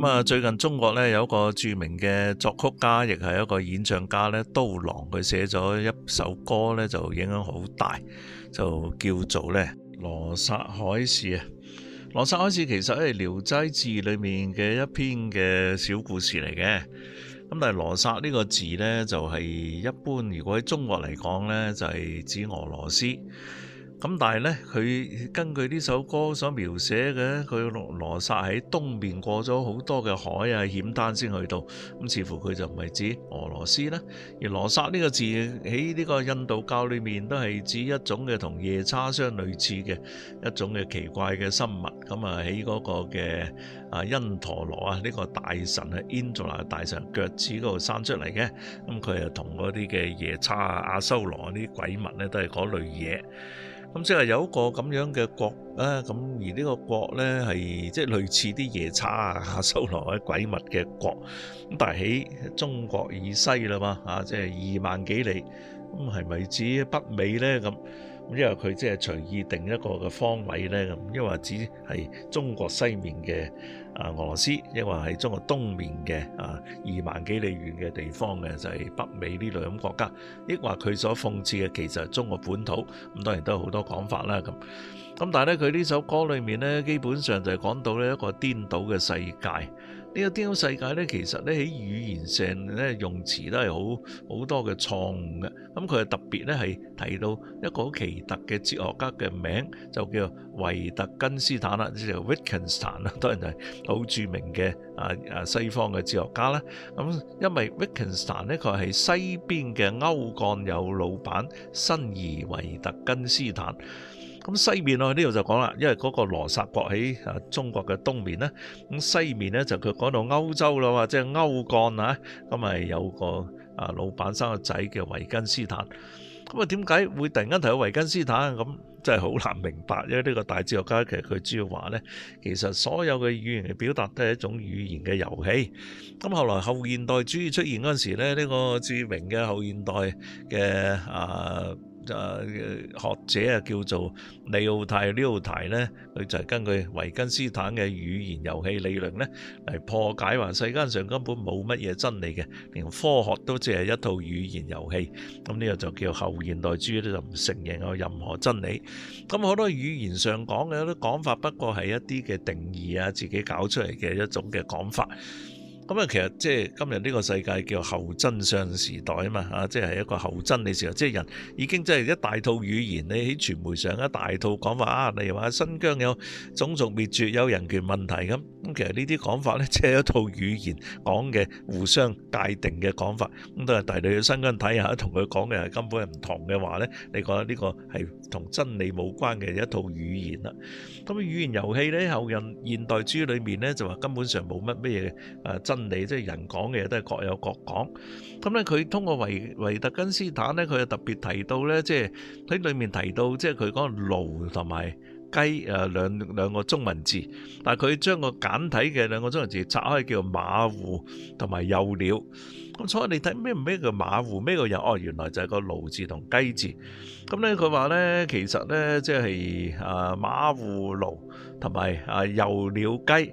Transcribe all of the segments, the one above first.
咁啊，最近中國咧有一個著名嘅作曲家，亦係一個演唱家咧，刀郎佢寫咗一首歌呢就影響好大，就叫做咧《羅剎海市》啊，《羅剎海市》其實係《聊齋志》裏面嘅一篇嘅小故事嚟嘅。咁但係羅剎呢個字呢，就係一般如果喺中國嚟講呢就係指俄羅斯。咁但係咧，佢根據呢首歌所描寫嘅，佢羅剎喺東面過咗好多嘅海啊、險灘先去到。咁似乎佢就唔係指俄羅斯啦。而羅剎呢個字喺呢個印度教裏面，都係指一種嘅同夜叉相類似嘅一種嘅奇怪嘅生物。咁啊，喺嗰個嘅啊因陀羅啊呢、呢個大神啊，因陀羅大神腳趾嗰度生出嚟嘅。咁佢又同嗰啲嘅夜叉啊、阿修羅啊啲鬼物咧，都係嗰類嘢。咁即係有一個咁樣嘅國啊，咁而呢個國咧係即係類似啲夜叉啊、修羅啊、鬼物嘅國，咁但係喺中國以西啦嘛，即係二萬幾里，咁係咪指北美咧？咁因為佢即係隨意定一個嘅方位咧，咁因為只係中國西面嘅。啊，俄羅斯亦或係中國東面嘅，啊二萬幾里遠嘅地方嘅，就係北美呢兩國家，亦或佢所諷刺嘅其實係中國本土，咁當然都有好多講法啦咁。咁但係咧，佢呢首歌裡面咧，基本上就係講到呢一個顛倒嘅世界。呢、這個 d 咁世界咧，其實咧喺語言上咧用詞都係好好多嘅錯誤嘅。咁佢係特別咧係提到一個好奇特嘅哲學家嘅名，就叫維特根斯坦啦，即叫 Wittgenstein 啦，當然係好著名嘅啊啊西方嘅哲學家啦。咁因為 Wittgenstein 咧，佢係西邊嘅歐幹有老闆，新而維特根斯坦。咁西面喺呢度就講啦，因為嗰個羅撒國喺啊中國嘅東面咧，咁西面呢，就佢講到歐洲啦，或者歐幹啊，咁咪有個啊老闆生個仔叫維根斯坦。咁啊點解會突然間提到維根斯坦咁，真係好難明白，因為呢個大哲學家其實佢主要話呢，其實所有嘅語言嘅表達都係一種語言嘅遊戲。咁後來後現代主義出現嗰陣時咧，呢、呢個著名嘅後現代嘅啊。呃就學者啊，叫做利奧泰利奧提呢，佢就係根據維根斯坦嘅語言遊戲理論呢，嚟破解話世間上根本冇乜嘢真理嘅，連科學都只係一套語言遊戲。咁呢個就叫後現代主義咧，就唔承認有任何真理。咁好多語言上講嘅啲講法，不過係一啲嘅定義啊，自己搞出嚟嘅一種嘅講法。咁啊，其實即係今日呢個世界叫後真相時代啊嘛，啊，即係一個後真理時代，即係人已經即係一大套語言咧，喺傳媒上一大套講法啊，例如話新疆有種族滅絕，有人權問題，咁。咁其實呢啲講法咧，即係一套語言講嘅互相界定嘅講法。咁都係嚟到去新疆睇下，同佢講嘅係根本係唔同嘅話咧。你覺得呢個係同真理冇關嘅一套語言啦。咁語言遊戲咧，後人現代主義裏面咧，就話根本上冇乜咩嘢誒真。你即係人講嘅嘢，都係各有各講，咁咧佢通過維維特根斯坦咧，佢又特別提到咧，即係喺裏面提到，即係佢講爐同埋雞誒兩兩個中文字，但係佢將個簡體嘅兩個中文字拆開叫馬戶同埋幼鳥，咁所以你睇咩唔咩叫馬戶咩個幼哦，原來就係個爐字同雞字，咁咧佢話咧其實咧即係誒馬戶爐同埋誒幼鳥雞。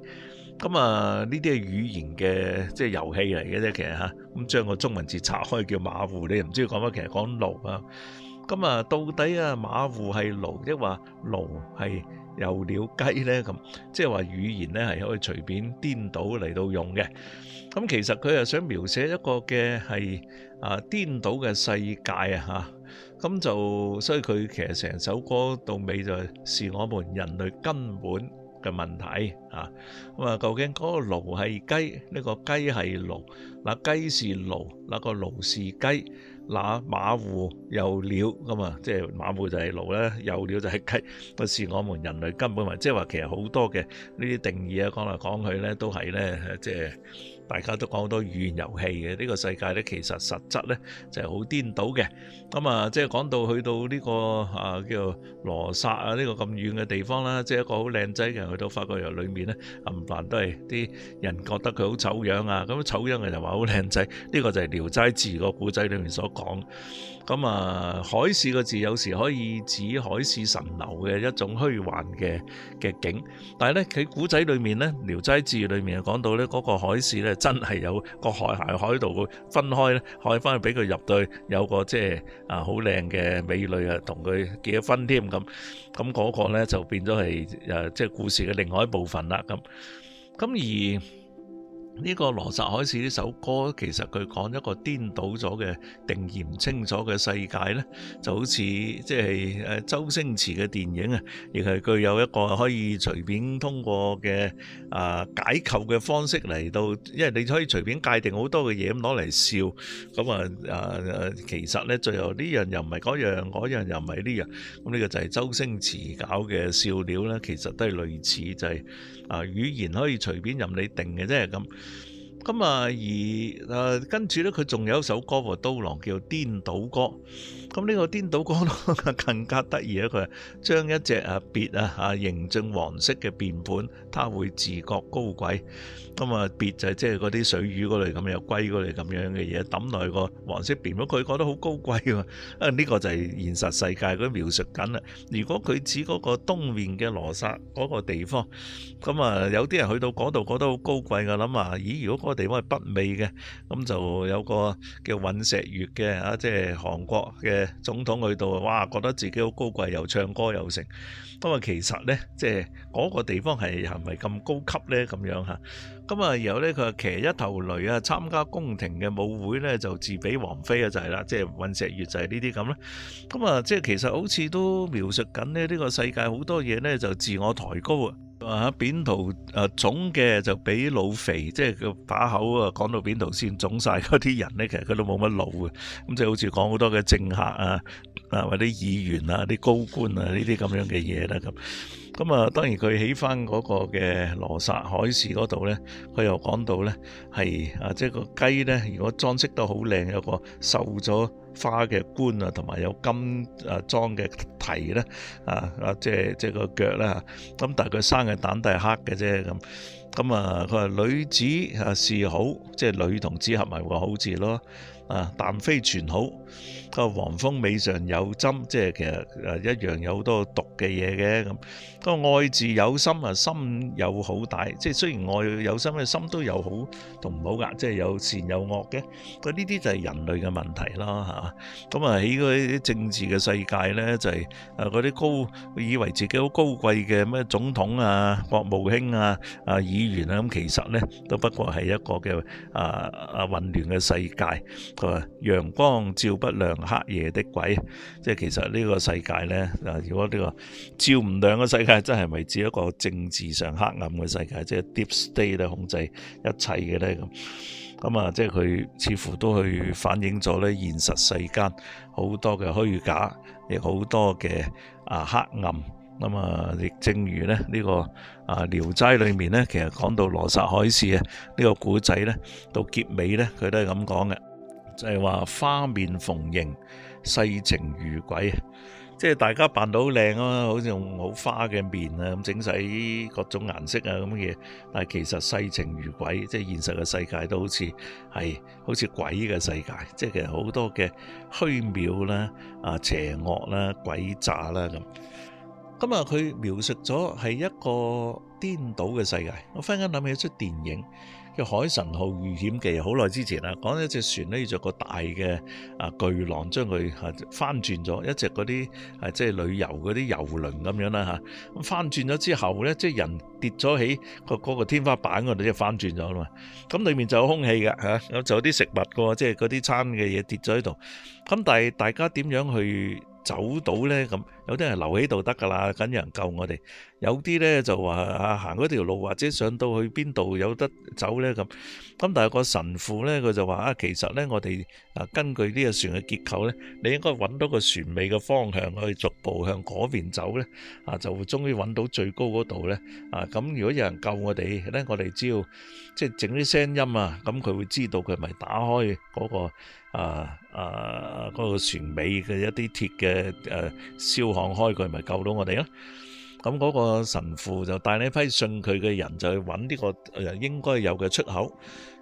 咁、嗯、啊，呢啲係語言嘅即係遊戲嚟嘅啫，其實吓，咁、嗯、將個中文字拆開叫馬戶，你唔知講乜，其實講驢啊。咁、嗯、啊、嗯，到底啊馬戶係驢，亦話驢係又鳥雞咧？咁即係話語言咧係可以隨便顛倒嚟到用嘅。咁、嗯、其實佢又想描寫一個嘅係啊顛倒嘅世界啊吓，咁、嗯、就所以佢其實成首歌到尾就係是視我們人類根本嘅問題啊，咁啊究竟嗰個驢係雞，呢、這個雞係驢，嗱雞是驢，嗱、那個驢是雞，那馬戶又鳥咁啊，即係馬戶就係驢咧，又鳥就係雞，不是我們人類根本咪即係話其實好多嘅呢啲定義啊，講嚟講去咧都係咧即係。就是大家都講好多語言遊戲嘅呢個世界呢，其實實質呢就係好顛倒嘅。咁啊，即係講到去到呢個啊叫做羅剎啊呢個咁遠嘅地方啦，即係一個好靚仔嘅人去到法國入裏面呢，冚唪唥都係啲人覺得佢好醜樣啊。咁樣醜樣嘅人就話好靚仔，呢個就係《聊齋志異》個古仔裏面所講。咁啊，海市個字有時可以指海市蜃樓嘅一種虛幻嘅嘅景，但係咧喺古仔裏面咧，《聊齋志》裏面講到咧嗰、那個海市咧真係有個海俠，海度分開咧，海翻去俾佢入去，有個即係啊好靚嘅美女啊同佢結咗婚添咁，咁嗰個咧就變咗係誒即係故事嘅另外一部分啦咁，咁而。呢、這個《羅剎海市》呢首歌，其實佢講一個顛倒咗嘅定義唔清楚嘅世界呢，就好似即係誒周星馳嘅電影啊，亦係佢有一個可以隨便通過嘅、啊、解構嘅方式嚟到，因為你可以隨便界定好多嘅嘢咁攞嚟笑，咁啊誒其實呢，最後呢樣又唔係嗰樣，嗰樣又唔係呢樣，咁、這、呢個就係周星馳搞嘅笑料呢，其實都係類似就係、是、啊語言可以隨便任你定嘅，啫。咁。咁啊，而跟住咧，佢仲有一首歌喎，刀郎叫《顛倒歌》，咁、這、呢個《顛倒歌》更加得意啊！佢將一隻啊鱉啊黃色嘅便盤，它會自覺高貴。咁啊，別就係即係嗰啲水魚嗰類咁，又龜嗰類咁樣嘅嘢，抌落去個黃色邊，咗佢覺得好高貴喎。啊，呢個就係現實世界佢描述緊啦。如果佢指嗰個東面嘅羅薩嗰個地方，咁啊有啲人去到嗰度覺得好高貴，我諗啊，咦？如果嗰個地方係北美嘅，咁就有個叫尹錫悅嘅啊，即係韓國嘅總統去到，哇，覺得自己好高貴，又唱歌又成。不過，其實呢，即係嗰個地方係係咪咁高級呢？咁樣嚇，咁啊，然後呢，佢話騎一頭驢啊，參加宮廷嘅舞會呢，就自比王妃啊，就係啦，即係混石月就係呢啲咁啦。咁啊，即係其實好似都描述緊呢，呢個世界好多嘢呢，就自我抬高啊。扁桃誒腫嘅就比老肥，即係佢把口啊，講到扁桃腺腫晒。嗰啲人呢，其實佢都冇乜腦嘅。咁即係好似講好多嘅政客啊。啊，或者議員啊，啲高官啊，呢啲咁樣嘅嘢咧咁。咁啊，當然佢起翻嗰個嘅羅撒海事嗰度咧，佢又講到咧係啊，即係個雞咧，如果裝飾得好靚，有個繡咗花嘅冠啊，同埋有金啊裝嘅蹄咧，啊啊，即係即係個腳啦。咁、啊、但係佢生嘅蛋都係黑嘅啫咁。咁啊，佢話女子啊是好，即係女同子合埋個好字咯。啊，但非全好。個黃蜂尾上有針，即係其實誒一樣有好多毒嘅嘢嘅咁。個愛字有心啊，心有好大，即係雖然愛有心嘅心都有好同唔好噶，即係有善有惡嘅。佢呢啲就係人類嘅問題啦吓。咁啊喺嗰啲政治嘅世界咧，就係誒嗰啲高以為自己好高貴嘅咩總統啊、國務卿啊、啊議員啊咁，其實咧都不過係一個嘅啊啊混亂嘅世界。佢話陽光照。不良黑夜的鬼，即係其實呢個世界咧，嗱，如果呢個照唔亮嘅世界，真係咪指一個政治上黑暗嘅世界，即係 deep state 控制一切嘅咧咁？咁啊，即係佢似乎都去反映咗咧現實世間好多嘅虛假，亦好多嘅啊黑暗。咁啊，亦正如咧呢個啊《聊齋》裏面咧，其實講到羅剎海市啊呢個古仔咧，到結尾咧，佢都係咁講嘅。就係話花面逢迎，世情如鬼，即係大家扮到好靚啊，好似用好花嘅面啊，咁整晒各種顏色啊，咁嘅嘢。但係其實世情如鬼，即係現實嘅世界都好似係好似鬼嘅世界，即係其實好多嘅虛渺啦、啊邪惡啦、鬼詐啦咁。咁啊，佢描述咗係一個顛倒嘅世界。我忽然間諗起一出電影。《海神號遇險記》好耐之前啦，講一隻船咧，要著個大嘅啊巨浪將佢翻轉咗，一隻嗰啲啊即係旅遊嗰啲遊輪咁樣啦嚇，咁翻轉咗之後咧，即係人跌咗喺個嗰個天花板嗰度，即係翻轉咗啦嘛，咁裏面就有空氣㗎嚇，咁就有啲食物喎，即係嗰啲餐嘅嘢跌咗喺度，咁但係大家點樣去走到咧咁？有啲人留喺度得㗎啦，梗有人救我哋。有啲咧就話啊，行嗰條路或者上到去邊度有得走咧咁。咁但係個神父咧，佢就話啊，其實咧我哋啊根據呢個船嘅結構咧，你應該揾到個船尾嘅方向去逐步向嗰邊走咧啊，就會終於揾到最高嗰度咧啊。咁如果有人救我哋咧，我哋只要即係整啲聲音啊，咁佢會知道佢咪打開嗰個啊啊嗰個船尾嘅一啲鐵嘅誒燒。放開佢咪救到我哋咯？咁嗰個神父就帶領一批信佢嘅人就去揾呢個應該有嘅出口。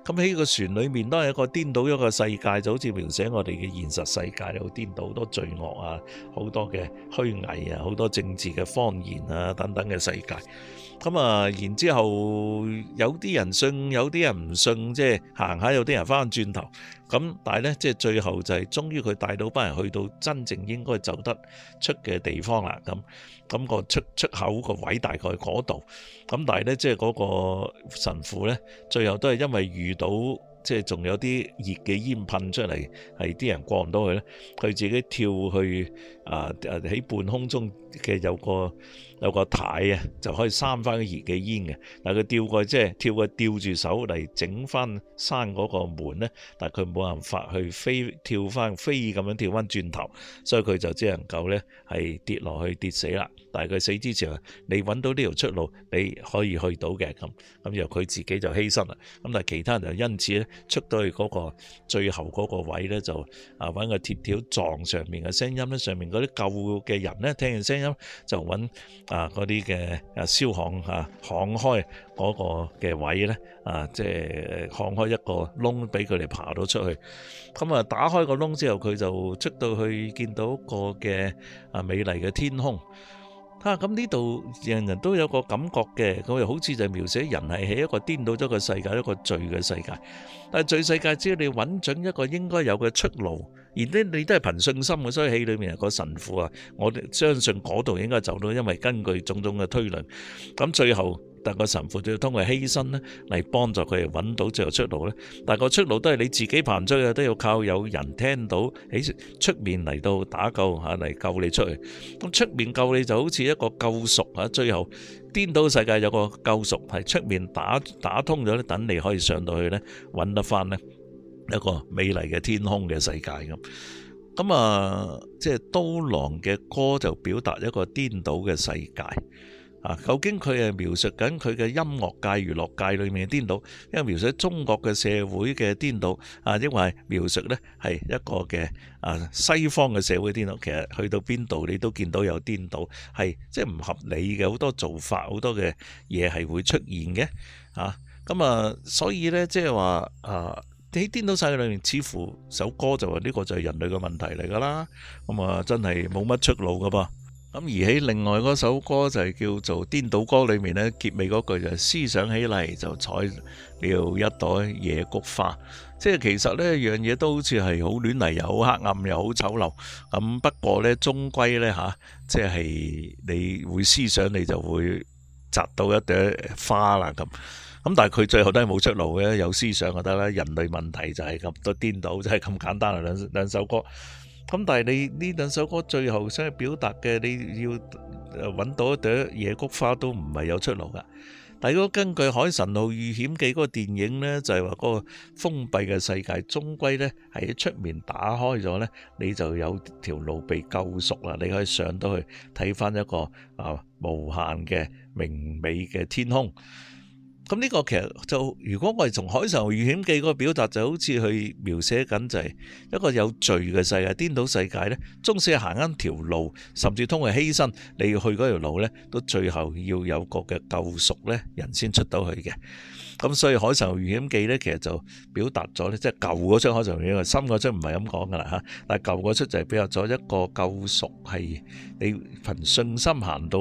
咁喺個船裏面都係一個顛倒一個世界，就好似描寫我哋嘅現實世界，有顛倒好多罪惡啊，好多嘅虛偽啊，好多政治嘅謊言啊等等嘅世界。咁啊，然之後有啲人信，有啲人唔信，即係行下有啲人翻轉頭。咁但係呢，即係最後就係終於佢帶到班人去到真正應該走得出嘅地方啦。咁咁、個出出口個位大概嗰度。咁但係呢，即係嗰個神父呢，最後都係因為遇到。即係仲有啲熱嘅煙噴出嚟，係啲人過唔到去咧。佢自己跳去啊啊！喺、呃、半空中嘅有個有個太啊，就可以閂翻個熱嘅煙嘅。但係佢吊過即係跳過吊住手嚟整翻閂嗰個門咧。但係佢冇辦法去飛跳翻飛咁樣跳翻轉頭，所以佢就只能夠咧係跌落去跌死啦。但係佢死之前，你揾到呢條出路，你可以去到嘅咁。咁由佢自己就犧牲啦。咁但係其他人就因此咧。出到去嗰個最後嗰個位呢，就啊揾個鐵條，條撞上面嘅聲音呢，上面嗰啲救嘅人呢，聽完聲音就揾啊嗰啲嘅啊燒焊嚇，焊開嗰個嘅位呢，啊，的位置啊即係焊開一個窿俾佢哋爬到出去。咁啊，打開個窿之後，佢就出到去見到個嘅啊美麗嘅天空。啊！咁呢度人人都有個感覺嘅，佢好似就描寫人係喺一個顛倒咗個世界，一個罪嘅世界。但係罪世界，只要你揾準一個應該有嘅出路。而啲你都係憑信心嘅，所以戲裏面個神父啊，我哋相信嗰度應該走到，因為根據種種嘅推論。咁最後，但個神父就要通過犧牲咧嚟幫助佢揾到最後出路咧。但個出路都係你自己爬唔出去，都要靠有人聽到喺出面嚟到打救嚇嚟救你出去。咁出面救你就好似一個救贖嚇。最後，顛倒世界有個救贖係出面打打通咗咧，等你可以上到去咧揾得翻咧。一個美麗嘅天空嘅世界咁，咁啊，即係刀郎嘅歌就表達一個顛倒嘅世界啊。究竟佢係描述緊佢嘅音樂界、娛樂界裏面嘅顛倒，亦係描述中國嘅社會嘅顛倒啊，抑或係描述呢係一個嘅啊西方嘅社會顛倒。其實去到邊度你都見到有顛倒，係即係唔合理嘅，好多做法，好多嘅嘢係會出現嘅啊。咁啊，所以呢，即係話啊。喺《顛倒世界》裏面，似乎首歌就話呢個就係人類嘅問題嚟噶啦，咁啊真係冇乜出路噶噃。咁而喺另外嗰首歌就係叫做《顛倒歌》裏面呢，結尾嗰句就係思想起嚟就採了一朵野菊花。即係其實呢樣嘢都好似係好亂嚟，又好黑暗，又好醜陋。咁不過呢，終歸呢，吓、啊，即係你會思想，你就會摘到一朵花啦咁。咁但係佢最後都係冇出路嘅，有思想就得啦。人類問題就係咁多顛倒，就係咁簡單啦！兩兩首歌，咁但係你呢兩首歌最後想去表達嘅，你要揾到一朵野菊花都唔係有出路噶。但係如果根據《海神號遇險記》嗰個電影咧，就係話嗰個封閉嘅世界，終歸咧喺出面打開咗咧，你就有條路被救贖啦，你可以上到去睇翻一個啊無限嘅明媚嘅天空。咁呢個其實就如果我哋從《海神號遇險記》個表達，就好似去描寫緊就係一個有罪嘅世界、顛倒世界咧。即使行緊條路，甚至通過犧牲，你要去嗰條路咧，都最後要有個嘅救贖咧，人先出到去嘅。咁所以《海神號遇險記》咧，其實就表達咗咧，即係舊嗰張《海神號遇險記》，新嗰張唔係咁講噶啦吓。但係舊嗰張就係表達咗一個救贖，係你憑信心行到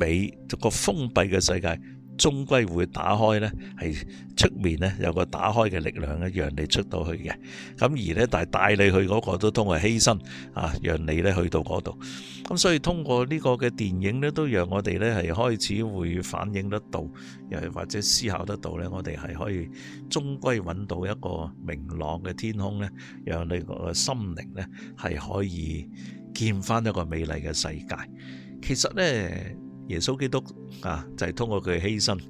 尾，個封閉嘅世界。終歸會打開呢，係出面呢有個打開嘅力量咧，讓你出到去嘅。咁而呢，但係帶你去嗰個都通過犧牲啊，讓你呢去到嗰度。咁所以通過呢個嘅電影呢，都讓我哋呢係開始會反映得到，又或者思考得到呢，我哋係可以終歸揾到一個明朗嘅天空呢，讓你個心靈呢係可以見翻一個美麗嘅世界。其實呢。耶穌基督啊，就係通過佢嘅犧牲，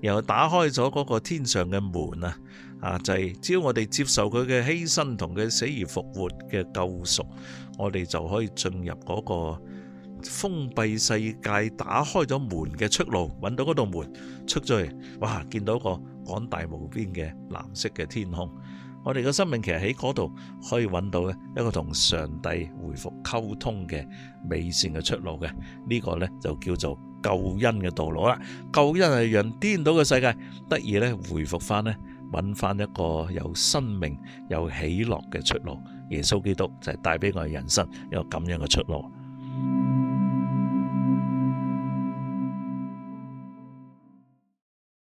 然後打開咗嗰個天上嘅門啊！啊，就係、是、只要我哋接受佢嘅犧牲同佢死而復活嘅救贖，我哋就可以進入嗰個封閉世界，打開咗門嘅出路，搵到嗰道門出咗去，哇！見到個廣大無邊嘅藍色嘅天空。我哋嘅生命其實喺嗰度可以揾到咧，一個同上帝回復溝通嘅美善嘅出路嘅，呢個咧就叫做救恩嘅道路啦。救恩係讓顛倒嘅世界，得以咧回復翻咧，揾翻一個有生命、有喜樂嘅出路。耶穌基督就係帶俾我哋人生一個咁樣嘅出路。